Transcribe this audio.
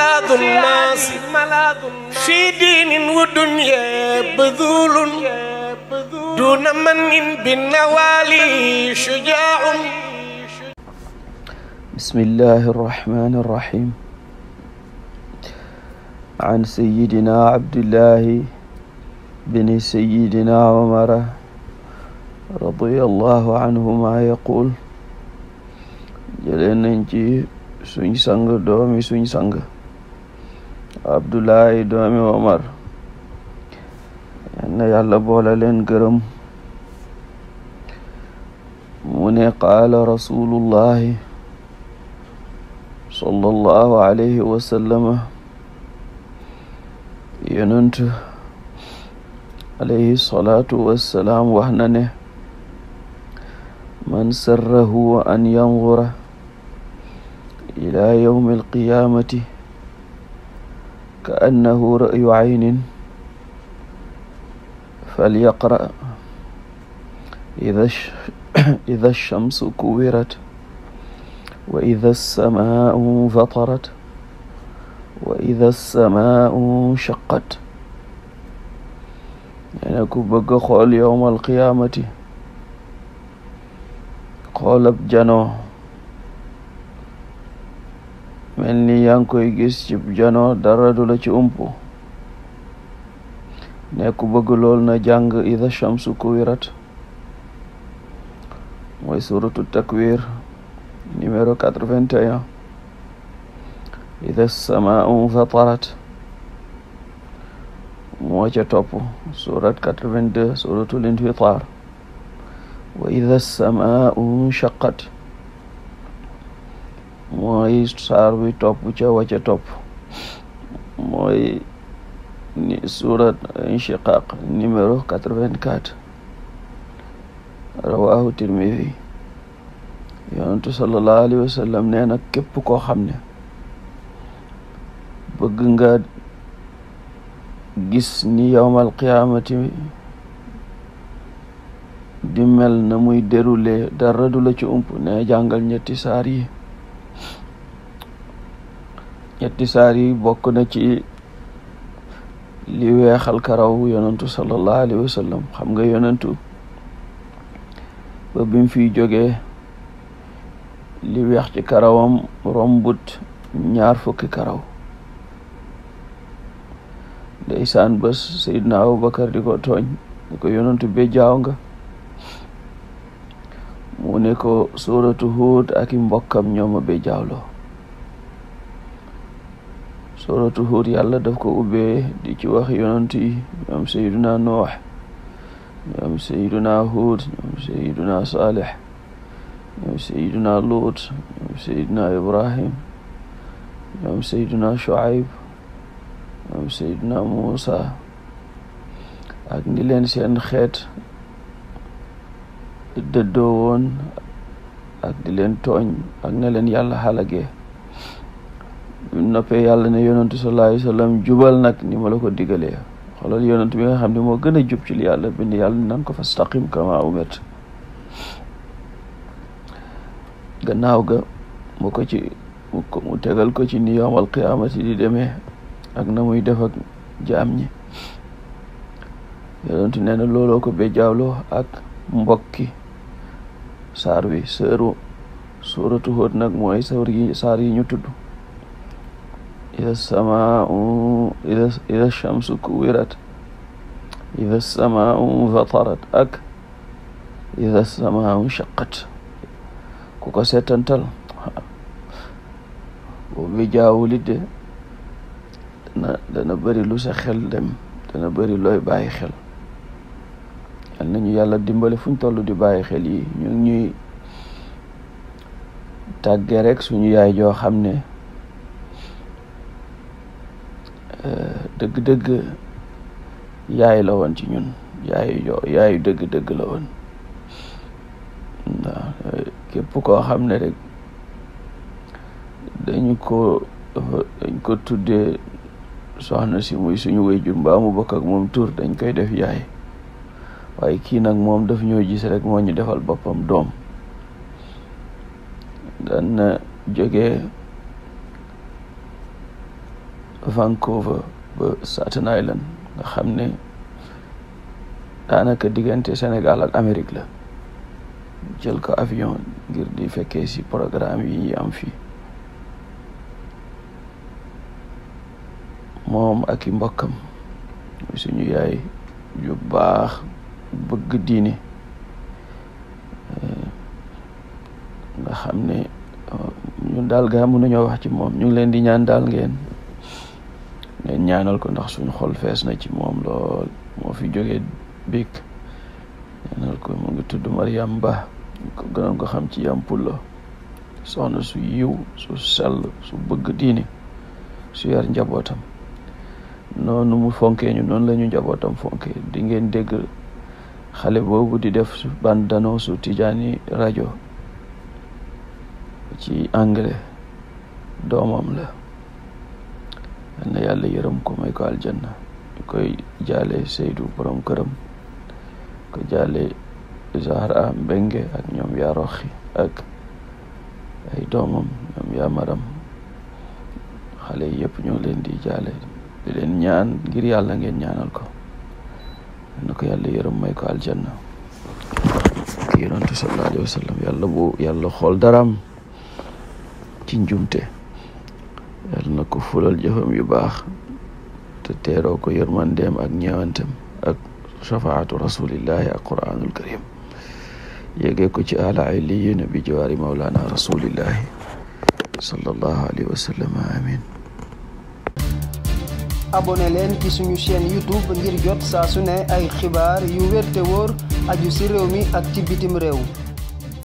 ملاذ الناس في دين ودنيا بذول دون من بالنوالي شجاع بسم الله الرحمن الرحيم عن سيدنا عبد الله بن سيدنا عمر رضي الله عنهما يقول jëleen nañ ci suñ sang doomi suñ sang abdullahi doomi omar yal na yàlla boole leen gërëm mu ne qaala rasulullahi sallallahu alayhi wa sallama yonent alayhi salaatu wassalaam wax na ne man sarrahu an yanzura ila yawmi alqiyaamati ka annahu ra'yu aynin falyaqra ida shamsu kuwirat wa ida samaau fatarat wa ida samaau shaqat nee na ku bëgg a xool yowm alqiyaamati xoolab janoo mel ni yaa ngi koy gis ci jano dara du la ci umpu ne ku bëgg lool na jàng ida shamsu kuwirat mooy suratu takwir numéro quatre-vingt et un fatarat moo ca topp surat quatre-vingt-deux suratul infitar wa ida samaau mooy saar wi topp ca wacca topp mooy ni surat inchiqaq numéro quatre-vingt-quatre rawahu tirmidi yonentu sallallahu alayhi wa sallam nee na képp koo xam ne bëgg nga gis ni yowmal qiyaamati di mel na muy déroulé dara du la ci ump ne jàngal ñetti saar yi ñetti saar yi bokk na ci li karaw yonentu sallallahu alayhi wa xam nga yonentu ba bim fiy jógee li weex ci karawam rombut ñaar fukki karaw ndeysaan bés Seydina Abubakar di ko tooñ ko yonentu be jaaw nga mu ne ko suratu Huud ak i mbokkam ñooma be jaawloo suratu Hud yàlla daf ko ubbee di ci wax yonent yi ñoom sayduna Noox ñoom sayduna Hud ñoom Saalix ñoom sayduna Luut ñoom sayduna Ibrahim ñoom sayduna Shuayb ñoom sayduna Muusa ak ni seen xeet dëddoo woon ak di leen tooñ ak na leen yàlla xalagee noppee yàlla ne yonantu sallallahu alayhi jubal nag ni ma la ko digalee xoolal yonantu bi nga xam ne moo gën a jub ci li yàlla bind yàlla nan ko fastaqim kama umirt gannaaw ga mu ko ci mu tegal ko ci ni yowmal qiyaamati di deme ak na muy def jaam ni yonantu nee na looloo ko béjjaawloo ak mbokki saar wi seeru suuratu Huud nag mooy sawar yi saar yi ñu tudd ida samaau ida ida shamsu kuwirat ida samaau fatarat ak ida samaau shaqat ku ko seetantal boobu jaawulit de dana dana bëri lu sa xel dem dana bëri looy bàyyi xel yal nañu yàlla dimbali fuñ toll di bàyyi xel yi ñu ngi ñuy tàggee rek suñu yaay joo xam ne dëgg-dëgg yaay la woon ci ñun yaayu yoo yaayu dëgg-dëgg la woon képp koo xam ne rek dañu ko dañ ko tuddee soxna si muy suñu wéyjur mbaa mu bokk ak moom tuur dañ koy def yaay waaye kii nag moom daf ñoo gis rek moo ñu defal boppam doom daan na jógee Vancouver ba Staten Island nga xam ne daanaka diggante Sénégal ak Amérique la jël ko avion ngir di fekkee si programme yi ñuy am fii moom ak i mbokkam suñu yaay yu baax bëgg diine eh, nga xam ne eh, ñun daal gaa mun nañoo wax ci moom ñu ngi leen di ñaan daal ngeen ñaanal ko ndax suñu xol fees na ci moom lool moo fi jógee bik ñaanal ko mu ngi tudd Mariam Ba ko gënoon ko xam ci la soxna su yiw su sell su bëgg diini su yar njabootam noonu mu fonkee ñu noonu lañu njabootam fonkee di ngeen dégg xale boobu di def bande danoo su Tidjani rajo ci anglais doomam la yal yàlla yërëm ko may ko aljanna koy jaale Seydou borom këram ko jaale Zahra Mbengue ak ñoom yaa roxi ak ay doomam ñoom yaa maram xale yi yëpp ñoo leen di jale di leen ñaan ngir yàlla ngeen ñaanal ko na ko yàlla yërëm may ko aljanna ki yonantu sallallahu alayhi wa yàlla xool daram ci njumte yàlla na ko fulal jëfam yu baax te teeroo ko yërmandeem ak ñeewanteem ak shafaatu rasulillahi ak quraanul karim yéegee ko ci ala illiyin bi jawaari mawlana rasulillahi sallallahu alayhi wa sallam amin abonné leen ci suñu chaîne youtube ngir jot saa su ne ay xibaar yu wér te aju si réew mi ak ci bitim réew